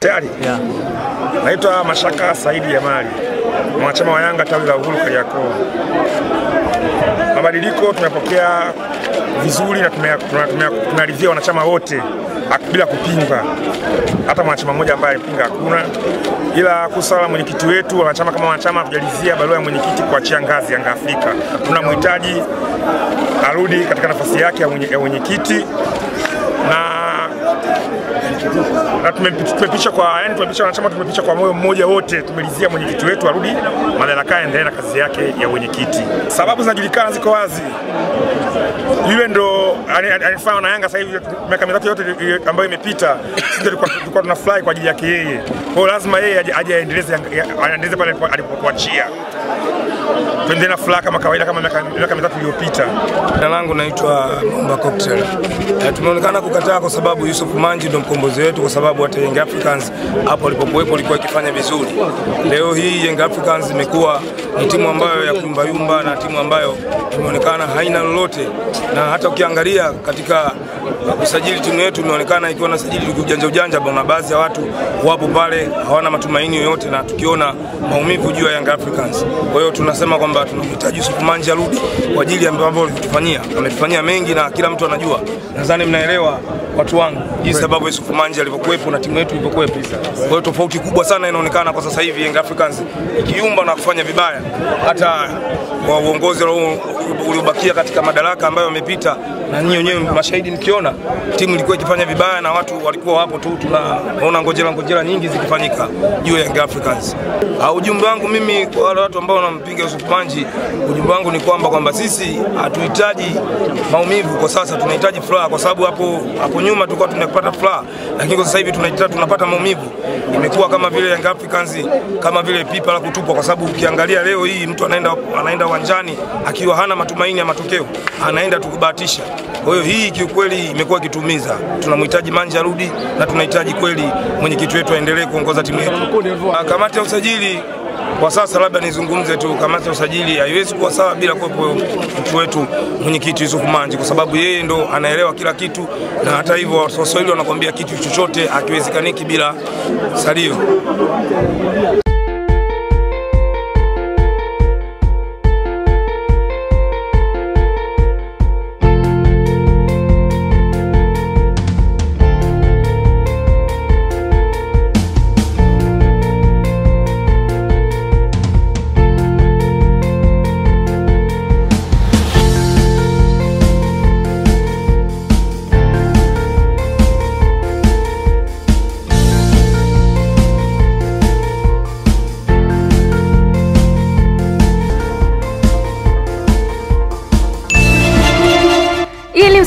Tayari. Yeah. Naitwa Mashaka Saidi Yamali, mwanachama wa Yanga tawi la Uhuru Kariakoo. Mabadiliko tumepokea vizuri na tumeridhia wanachama wote bila kupinga, hata mwanachama mmoja ambaye alipinga hakuna. Ila kusala mwenyekiti wetu, wanachama kama wanachama hatujalizia barua ya mwenyekiti kuachia ngazi Yanga Afrika. Tunamhitaji arudi katika nafasi yake ya mwenyekiti na na tumepicha kwa yani, tumepicha wanachama, tumepicha kwa moyo mmoja wote, tumelizia mwenyekiti wetu arudi madarakani, endelee na kazi yake ya mwenyekiti. Sababu zinajulikana, ziko wazi. Yule ndo alifanya na Yanga sasa hivi, miaka mitatu yote ambayo imepita, sisi tulikuwa fly kwa ajili yake yeye. Kwa lazima yeye aje aendeleze, aendeleze pale alipokuachia tuendelee na furaha kama kawaida kama miaka mitatu iliyopita. Jina langu naitwa Mamba Cocktail. tumeonekana kukataa kwa sababu Yusuf Manji ndo mkombozi wetu, kwa sababu hata Young Africans hapo alipokuwepo alikuwa ikifanya vizuri. Leo hii Young Africans imekuwa ni timu ambayo ya kuyumbayumba na timu ambayo imeonekana haina lolote, na hata ukiangalia katika na kusajili timu yetu imeonekana ikiwa na sajili ujanja ujanja, na baadhi ya watu wapo pale hawana matumaini yoyote, na tukiona maumivu juu ya Young Africans. Kwa hiyo tunasema kwamba tunahitaji Yusuf Manji arudi kwa ajili ya mambo ametufanyia mengi na kila mtu anajua, nadhani mnaelewa watu wangu, jinsi ambavyo Yusuf Manji alivyokuwepo na timu yetu ilivyokuwepo. Kwa hiyo tofauti kubwa sana inaonekana kwa sasa hivi Young Africans ikiumba na kufanya vibaya, hata kwa uongozi uliobakia katika madaraka ambayo yamepita, na nyinyi wenyewe mashahidi, mkiona timu ilikuwa ikifanya vibaya na watu walikuwa wapo tu, tunaona ngojera ngojera nyingi zikifanyika juu ya Young Africans. Au ah, Ujumbe wangu mimi kwa wale watu ambao wanampiga Yusuf Manji, ujumbe wangu ni kwamba kwamba sisi hatuhitaji maumivu kwa sasa, tunahitaji furaha kwa sababu hapo hapo nyuma tulikuwa tunapata furaha, lakini kwa sasa hivi tunajita tunapata maumivu. Imekuwa kama vile Young Africans kama vile pipa la kutupwa, kwa sababu ukiangalia leo hii mtu anaenda anaenda uwanjani akiwa hana matumaini ya matokeo, anaenda tukubahatisha. Kwa hiyo hii kiukweli imekuwa ikitumiza. Tunamhitaji Manja arudi na tunahitaji kweli mwenyekiti wetu aendelee kuongoza timu yetu. Kamati ya usajili kwa sasa labda nizungumze tu, kamati ya usajili haiwezi kuwa sawa bila kuwepo mtu wetu mwenyekiti Yusuf Manji, kwa sababu yeye ndo anaelewa kila kitu, na hata hivyo Waswahili wanakwambia kitu chochote akiwezekaniki bila salio.